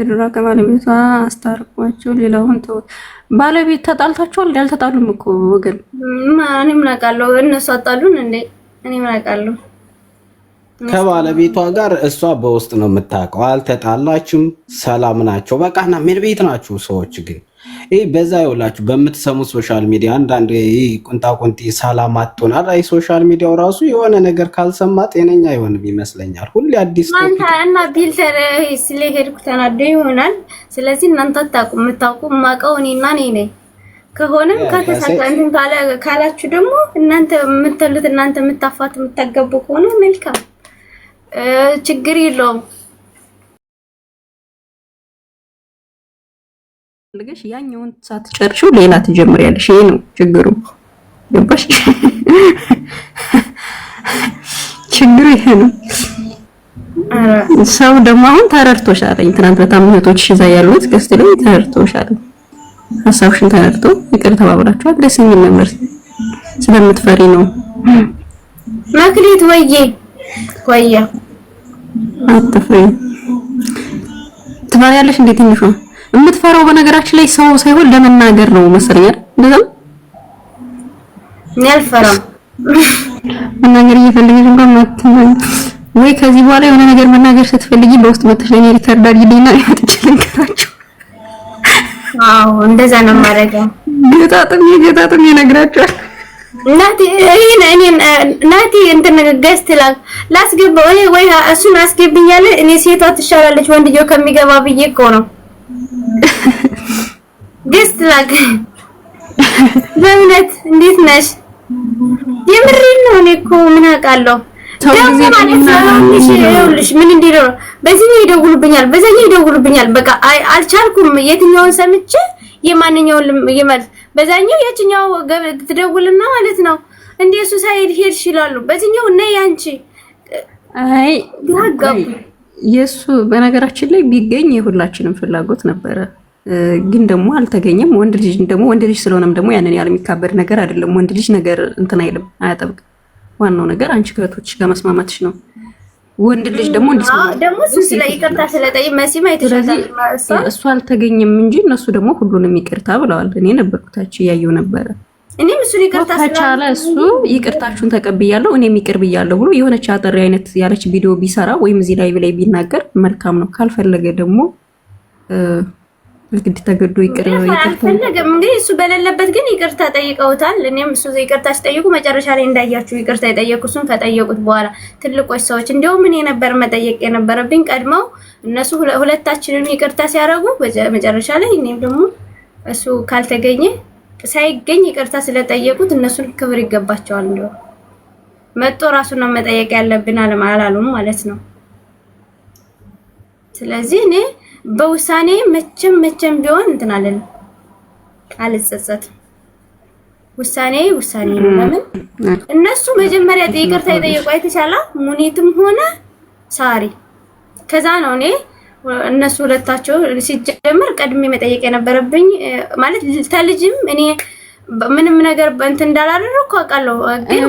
ፌዴራ ከባለቤቷ አስታርቋቸው ሌላውን ተወ። ባለቤት ተጣልታችኋል? ያልተጣሉም እኮ ወገን። እኔ ምን አውቃለሁ? እነሱ አጣሉን እንዴ? እኔ ምን አውቃለሁ? ከባለቤቷ ጋር እሷ በውስጥ ነው የምታውቀው። አልተጣላችም፣ ሰላም ናቸው። በቃና ምን ቤት ናችሁ ሰዎች ግን ይህ በዛ ይውላችሁ በምትሰሙት ሶሻል ሚዲያ አንዳንድ ቁንጣቁንቲ ሳላማጡናል። አይ ሶሻል ሚዲያው ራሱ የሆነ ነገር ካልሰማ ጤነኛ አይሆንም ይመስለኛል። ሁሌ አዲስ እና ፊልተር ስለሄድኩ ተናደ ይሆናል። ስለዚህ እናንተ አታውቁ፣ የምታውቁ የማውቀው እኔና እኔ ነኝ። ከሆነም ከተሳሳትን ካላችሁ ደግሞ እናንተ የምትሉት እናንተ የምታፋት የምታገቡ ከሆነ መልካም ችግር የለውም። ፈልገሽ ያኛውን ሳትጨርሺው ሌላ ትጀምሪያለሽ። ይሄ ነው ችግሩ። ገባሽ? ችግሩ ይሄ ነው። ሰው ደግሞ አሁን ተረድቶሻለኝ። ትናንት በጣም እህቶች እዛ ያሉት ገስት ላይ ተረድቶሻለኝ። ሀሳብሽን ተረድቶ ይቅር ተባብራችኋል። ደስ የሚል ነበር። ስለምትፈሪ ነው መክሊት። ወይዬ ወይዬ፣ አትፍሪ። ትፈሪያለሽ እንዴት ትንሿ የምትፈራው በነገራችን ላይ ሰው ሳይሆን ለመናገር ነው መሰለኝ። እንደዛም አልፈራም። መናገር እየፈለገች እንኳን ማትናገር ወይ ከዚህ በኋላ የሆነ ነገር መናገር ስትፈልጊ በውስጥ መጥተሽ ለኔ ሪከርድ አድርጊልኝና ይወጥችል እንከራችሁ። አዎ እንደዛ ነው የማደርገው። ገጣጥሜ ገጣጥሜ እነግራቸዋለሁ። ናቲ ናቲ እንትን ገዝት ላክ ላስገባው ወይ እሱን አስገብኛለሁ እኔ ሴቷ ትሻላለች ወንድየው ከሚገባ ብዬ እኮ ነው ደስ ትላል። በእውነት እንዴት ነሽ? የምሬን ነው። እኔ እኮ ምን አውቃለሁ ይኸውልሽ ምን እንዲለው በዚህኛው ይደውሉብኛል፣ ይደውሉብኛል። በቃ አልቻልኩም። የትኛውን ሰምቼ የማንኛውን ይመል በዛኛው ያችኛው ትደውልና ማለት ነው እንዴ እሱ ሳይሄድ ሄድሽ ይላሉ። በዚህኛው አይ የእሱ በነገራችን ላይ ቢገኝ የሁላችንም ፍላጎት ነበረ፣ ግን ደግሞ አልተገኘም። ወንድ ልጅ ደግሞ ወንድ ልጅ ስለሆነም ደግሞ ያንን ያህል የሚካበድ ነገር አይደለም። ወንድ ልጅ ነገር እንትን አይልም፣ አያጠብቅም። ዋናው ነገር አንቺ ከእህቶችሽ ጋር መስማማትሽ ነው። ወንድ ልጅ ደግሞ ደግሞ እሱ አልተገኘም እንጂ እነሱ ደግሞ ሁሉንም ይቅርታ ብለዋል። እኔ ነበርኩታቸው እያየው ነበረ እኔም እሱን ይቅርታ ከቻለ እሱ ይቅርታችሁን ተቀብያለሁ እኔም ይቅር ብያለሁ ብሎ የሆነች አጠሪ አይነት ያለች ቪዲዮ ቢሰራ ወይም እዚህ ላይ ላይ ቢናገር መልካም ነው። ካልፈለገ ደግሞ ግድ ተገዶ ይቅር ነው። አልፈለገም። እንግዲህ እሱ በሌለበት ግን ይቅርታ ጠይቀውታል። እኔም እሱ ይቅርታ ሲጠይቁ መጨረሻ ላይ እንዳያችሁ ይቅርታ የጠየቁ እሱን ከጠየቁት በኋላ ትልቆች ሰዎች እንዲሁም እኔ ነበር መጠየቅ የነበረብኝ ቀድመው እነሱ ሁለታችንን ይቅርታ ሲያደርጉ መጨረሻ ላይ እኔም ደግሞ እሱ ካልተገኘ ሳይገኝ ይቅርታ ስለጠየቁት እነሱን ክብር ይገባቸዋል። እንዲሁ መጦ ራሱን ነው መጠየቅ ያለብን አላሉም ማለት ነው። ስለዚህ እኔ በውሳኔ መቼም መቼም ቢሆን እንትን አለን አልጸጸትም። ውሳኔ ውሳኔ ነው። ለምን እነሱ መጀመሪያ ይቅርታ የጠየቁ አይተሻላ ሙኒትም ሆነ ሳሪ ከዛ ነው እኔ እነሱ ሁለታቸው ሲጀመር ቀድሜ መጠየቅ የነበረብኝ ማለት ተልጅም እኔ ምንም ነገር እንትን እንዳላደረኩ አውቃለሁ። ግን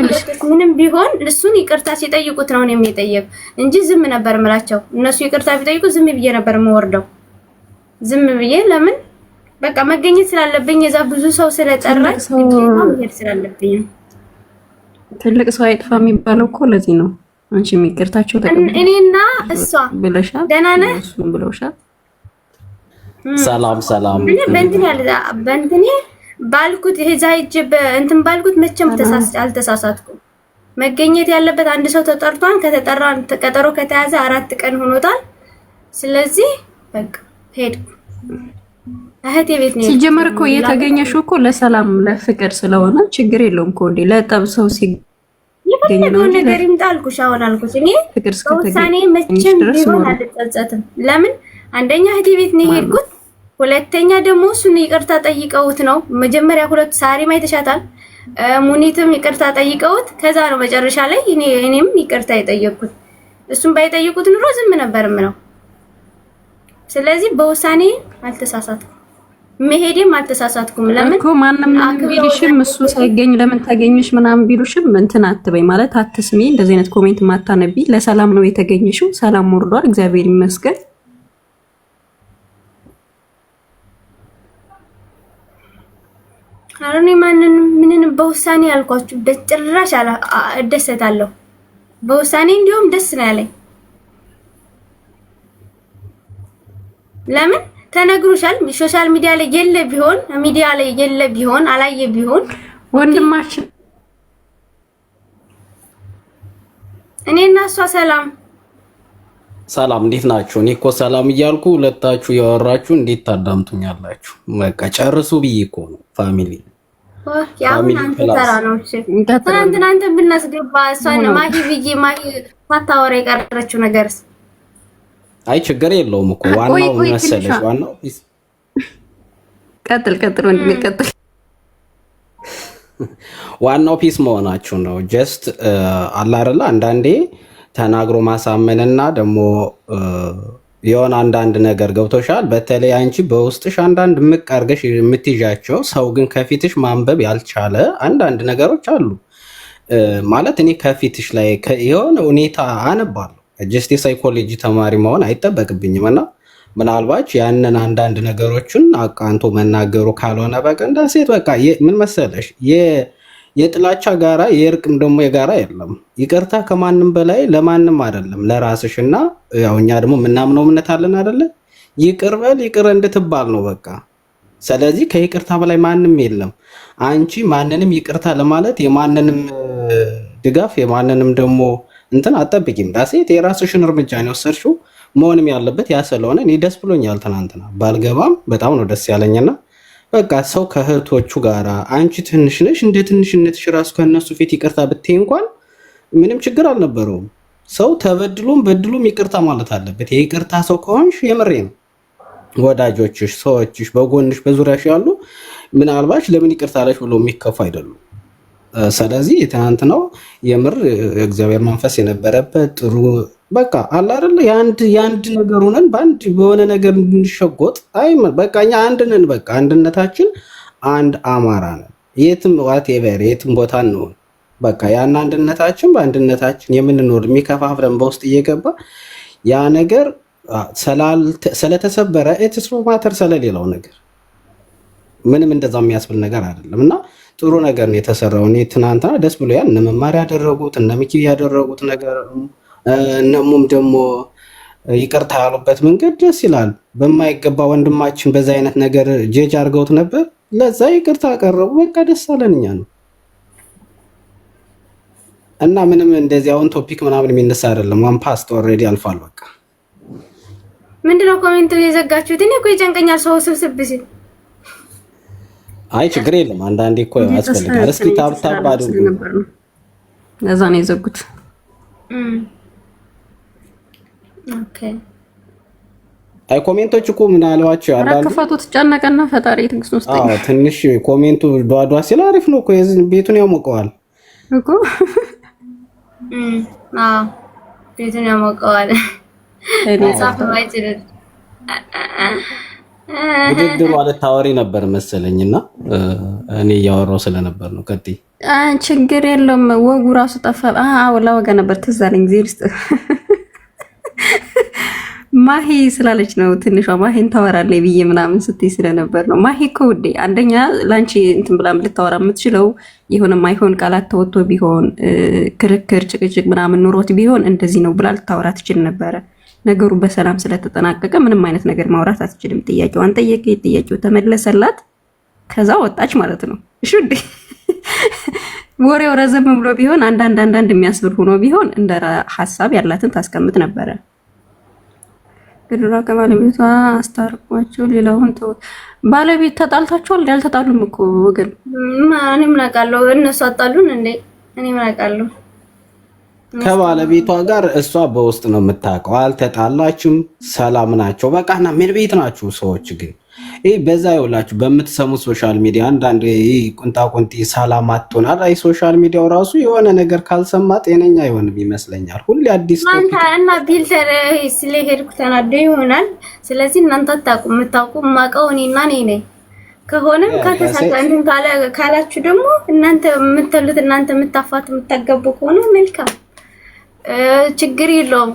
ምንም ቢሆን እሱን ይቅርታ ሲጠይቁት ነው እኔም የጠየቅ እንጂ ዝም ነበር ምላቸው። እነሱ ይቅርታ ቢጠይቁ ዝም ብዬ ነበር የምወርደው። ዝም ብዬ ለምን በቃ መገኘት ስላለብኝ የዛ ብዙ ሰው ስለጠራች ሄድ ስላለብኝ ትልቅ ሰው አይጥፋ የሚባለው እኮ ለዚህ ነው። አንቺ የሚቅርታቸው እኔና እሷ ብለሻል፣ ደህና ነህ ብለውሻል። ሰላም ሰላም። በእንትን ያለ በእንትን ባልኩት እዛ ሂጅ በእንትን ባልኩት መቼም አልተሳሳትኩም። መገኘት ያለበት አንድ ሰው ተጠርቷን ከተጠራ ቀጠሮ ከተያዘ አራት ቀን ሆኖታል። ስለዚህ በቃ ሄድኩ። እህቴ ቤት ነው ሲጀመር እኮ እየተገኘሽው እኮ ለሰላም ለፍቅር ስለሆነ ችግር የለውም እኮ እንዴ ለጠብ ሰው ሲ የፈለገው ነገር ይምጣ አልኩሽ። አሁን አልኩሽ እኔ በውሳኔ መቼም ቢሆን አልጸጸትም። ለምን አንደኛ እህቴ ቤት ነው የሄድኩት፣ ሁለተኛ ደግሞ እሱን ይቅርታ ጠይቀውት ነው መጀመሪያ ሁለቱ ሙኒትም ይቅርታ ጠይቀውት ከዛ ነው መጨረሻ ላይ እኔም ይቅርታ የጠየቅኩት። እሱም ባይጠይቁት ኑሮ ዝም ነበርም ነው። ስለዚህ በውሳኔ አልተሳሳትኩም። መሄድም አልተሳሳትኩም። ለምን እኮ ማንም ቢልሽም እሱ ሳይገኝ ለምን ታገኘሽ ምናምን ቢሉሽም እንትን አትበይ ማለት አትስሚ። እንደዚህ አይነት ኮሜንት ማታነቢ። ለሰላም ነው የተገኘሽው። ሰላም ወርዷል፣ እግዚአብሔር ይመስገን። አሁን ማንን ምንን በውሳኔ ያልኳችሁ በጭራሽ እደሰታለሁ። በውሳኔ እንዲሁም ደስ ነው ያለኝ ለምን ተነግሮሻል። ሶሻል ሚዲያ ላይ የለ ቢሆን ሚዲያ ላይ የለ ቢሆን አላየ ቢሆን ወንድማችን እኔ እና እሷ ሰላም ሰላም እንዴት ናችሁ? እኔ እኮ ሰላም እያልኩ ሁለታችሁ ያወራችሁ እንዴት ታዳምጡኛላችሁ? በቃ ጨርሱ ብዬ እኮ ነው። ፋሚሊ ትናንትና አንተ ብናስገባ እሷን ማሂ ብዬ ማሂ ሳታወራ የቀረችው ነገርስ አይ ችግር የለውም እኮ ዋናው መሰለሽ፣ ዋናው ቀጥል ቀጥል ወንድሜ ቀጥል። ዋናው ፒስ መሆናችሁ ነው። ጀስት አላረላ አንዳንዴ ተናግሮ ማሳመንና ደግሞ የሆነ አንዳንድ ነገር ገብቶሻል። በተለይ አንቺ በውስጥሽ አንዳንድ ምቅ የምትይዣቸው ሰው ግን ከፊትሽ ማንበብ ያልቻለ አንዳንድ ነገሮች አሉ ማለት እኔ ከፊትሽ ላይ የሆነ ሁኔታ አነባለሁ ጀስት የሳይኮሎጂ ተማሪ መሆን አይጠበቅብኝም እና ምናልባች ያንን አንዳንድ ነገሮችን አቃንቶ መናገሩ ካልሆነ እንደ ሴት በቃ ምን መሰለሽ የጥላቻ ጋራ የእርቅም ደግሞ የጋራ የለም። ይቅርታ ከማንም በላይ ለማንም አይደለም ለራስሽ እና ያው እኛ ደግሞ የምናምነው እምነት አለን አደለ? ይቅርበል ይቅር እንድትባል ነው በቃ። ስለዚህ ከይቅርታ በላይ ማንም የለም። አንቺ ማንንም ይቅርታ ለማለት የማንንም ድጋፍ የማንንም ደግሞ እንትን አጠብቂም ዳሴት የራስሽን እርምጃን የወሰድሽው መሆንም ያለበት ያ ስለሆነ እኔ ደስ ብሎኛል። ትናንትና ባልገባም በጣም ነው ደስ ያለኝና በቃ ሰው ከእህቶቹ ጋራ አንቺ ትንሽ ነሽ፣ እንደ ትንሽነትሽ ራሱ ከእነሱ ፊት ይቅርታ ብትይ እንኳን ምንም ችግር አልነበረውም። ሰው ተበድሎም በድሎም ይቅርታ ማለት አለበት። የይቅርታ ሰው ከሆንሽ የምሬ ነው። ወዳጆችሽ፣ ሰዎችሽ፣ በጎንሽ፣ በዙሪያሽ ያሉ ምናልባች ለምን ይቅርታ አለሽ ብሎ የሚከፉ አይደሉም። ስለዚህ ትናንት ነው የምር እግዚአብሔር መንፈስ የነበረበት ጥሩ በቃ አለ አይደለ የአንድ ነገር ሆነን በአንድ በሆነ ነገር እንድንሸጎጥ አይ በቃ እኛ አንድ ነን። በቃ አንድነታችን አንድ አማራ ነን። የትም ዋት የበር የትም ቦታ እንሆን በቃ ያን አንድነታችን በአንድነታችን የምንኖር የሚከፋፍለን በውስጥ እየገባ ያ ነገር ስለተሰበረ ኤትስ ማተር ስለሌላው ነገር ምንም እንደዛ የሚያስብል ነገር አይደለም እና ጥሩ ነገር ነው የተሰራው። እኔ ትናንትና ደስ ብሎ ያን መማር ያደረጉት እነ ሚኪ ያደረጉት ነገር እነሙም ደግሞ ይቅርታ ያሉበት መንገድ ደስ ይላል። በማይገባ ወንድማችን በዛ አይነት ነገር ጄጅ አድርገውት ነበር። ለዛ ይቅርታ ቀረቡ። በቃ ደስ አለን እኛ ነው እና ምንም እንደዚህ አሁን ቶፒክ ምናምን የሚነሳ አይደለም። ዋን ፓስት ኦልሬዲ አልፏል። በቃ ምንድነው ኮሜንቱን የዘጋችሁት? እኔ እኮ ይጨንቀኛል ሰው ስብስብ ሲል አይ ችግር የለም። አንዳንዴ እኮ ያስፈልጋል። እስኪ ታብታብ አድርጉ። ለዛ ነው የዘጉት። አይ ኮሜንቶች እኮ ምን አለዋቸው? አንዳንዴ ክፈቱ ትጨነቀና ፈጣሪ ትግስት ውስጥ አዎ፣ ትንሽ ኮሜንቱ ዷዷ ሲል አሪፍ ነው እኮ ቤቱን ያሞቀዋል እኮ አዎ፣ ቤቱን ያሞቀዋል። እኔ ጻፈው አይችልም ውድድሩ አልታወሪ ነበር መሰለኝ እና እኔ እያወራው ስለነበር ነው። ቀጥ ችግር የለውም። ወጉ ራሱ ጠፋ። አዎ ላወጋ ነበር ትዝ አለኝ። ጊዜ ውስጥ ማሂ ስላለች ነው ትንሿ ማሂን ታወራለች ብዬ ምናምን ስትይ ስለነበር ነው። ማሂ እኮ ውዴ፣ አንደኛ ለአንቺ እንትን ብላ ልታወራ የምትችለው የሆነ ማይሆን ቃላት ተወጥቶ ቢሆን ክርክር፣ ጭቅጭቅ ምናምን ኑሮት ቢሆን እንደዚህ ነው ብላ ልታወራ ትችል ነበረ። ነገሩ በሰላም ስለተጠናቀቀ ምንም አይነት ነገር ማውራት አትችልም። ጥያቄዋን ጠየቀ፣ ጥያቄው ተመለሰላት፣ ከዛ ወጣች ማለት ነው። እሺ እንዴ ወሬው ረዘም ብሎ ቢሆን አንዳንድ አንዳንድ የሚያስብል ሆኖ ቢሆን እንደ ሀሳብ ያላትን ታስቀምጥ ነበረ። ግድራ ከባለቤቷ አስታርቋቸው ሌላውን ባለቤት ተጣልታችኋል? ያልተጣሉም እኮ ወገን እኔ ምን አውቃለሁ። እነሱ አጣሉን እንዴ እኔ ምን አውቃለሁ። ከባለቤቷ ጋር እሷ በውስጥ ነው የምታውቀው። አልተጣላችም፣ ሰላም ናቸው። በቃና እና ምን ቤት ናችሁ ሰዎች ግን ይህ በዛ ይውላችሁ በምትሰሙ ሶሻል ሚዲያ አንዳንድ ቁንጣ ቁንጢ ሰላም አትሆናል። አይ ሶሻል ሚዲያው ራሱ የሆነ ነገር ካልሰማ ጤነኛ አይሆንም ይመስለኛል። ሁሌ አዲስ እና ፊልተር ስለሄድኩ ተናደ ይሆናል። ስለዚህ እናንተ አታውቁ፣ የምታውቁ የማውቀው እኔና እኔ ነኝ። ከሆነም ከተሳካንትን ካላችሁ ደግሞ እናንተ የምትሉት እናንተ የምታፋት የምታገቡ ከሆነ መልካም ችግር የለውም።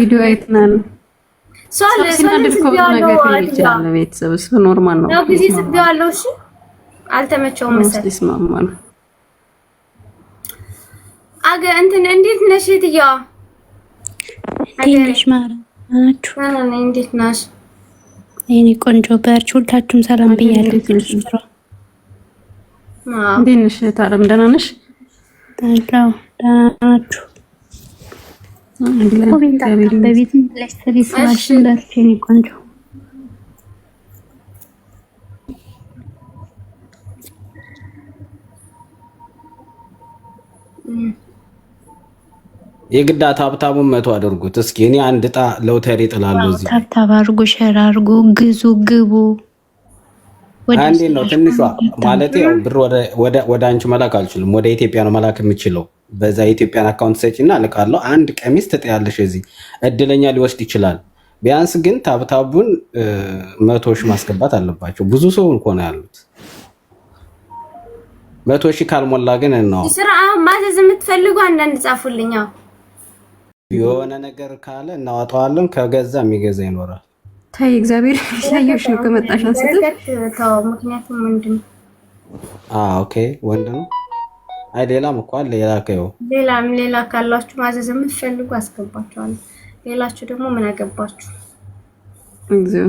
ቪዲዮ አይትና ነው ቤተሰብ እሱ ኖርማል ነው ጊዜ ስቢዋለው። እሺ አልተመቸውም መሰለኝ። ስማማ ነው አገ እንትን እንዴት ነሽ እትዬዋ? እንዴት ናሽ? የእኔ ቆንጆ በርች ሁላችሁም ሰላም ብያለሁ። እንዴት ነሽ? ታረም ደህና ነሽ? አለሁ የግዳታ ታብታቡን መቶ አድርጉት። እስኪ እኔ አንድ ጣ ሎተሪ ጥላለሁ። እዚህ ታብታብ አድርጉ፣ ሸር አድርጉ፣ ግዙ፣ ግቡ። አንዴ ነው ትንሿ ማለት ያው ብር ወደ አንቺ መላክ አልችልም። ወደ ኢትዮጵያ ነው መላክ የምችለው በዛ የኢትዮጵያን አካውንት እና እልካለሁ። አንድ ቀሚስ ትጥያለሽ። እዚህ እድለኛ ሊወስድ ይችላል። ቢያንስ ግን ታብታቡን መቶ ሺህ ማስገባት አለባቸው። ብዙ ሰው እንኳን ያሉት መቶ ሺህ ካልሞላ ግን ነው ስራ አሁን ማዘዝ የምትፈልጉ አንዳንድ ጻፉልኝ። የሆነ ነገር ካለ እናወጣዋለን። ከገዛ የሚገዛ ይኖራል። ታይ እግዚአብሔር ያየሽ ነው። ከመጣሽ አንስተ ምክንያቱም ወንድ ነው። ኦኬ ወንድ ነው። አይ ሌላም እኮ አለ። ሌላ ከዩ ሌላም ሌላ ካላችሁ ማዘዝ የምትፈልጉ አስገባችኋለሁ። ሌላችሁ ደግሞ ምን አገባችሁ? እግዚኦ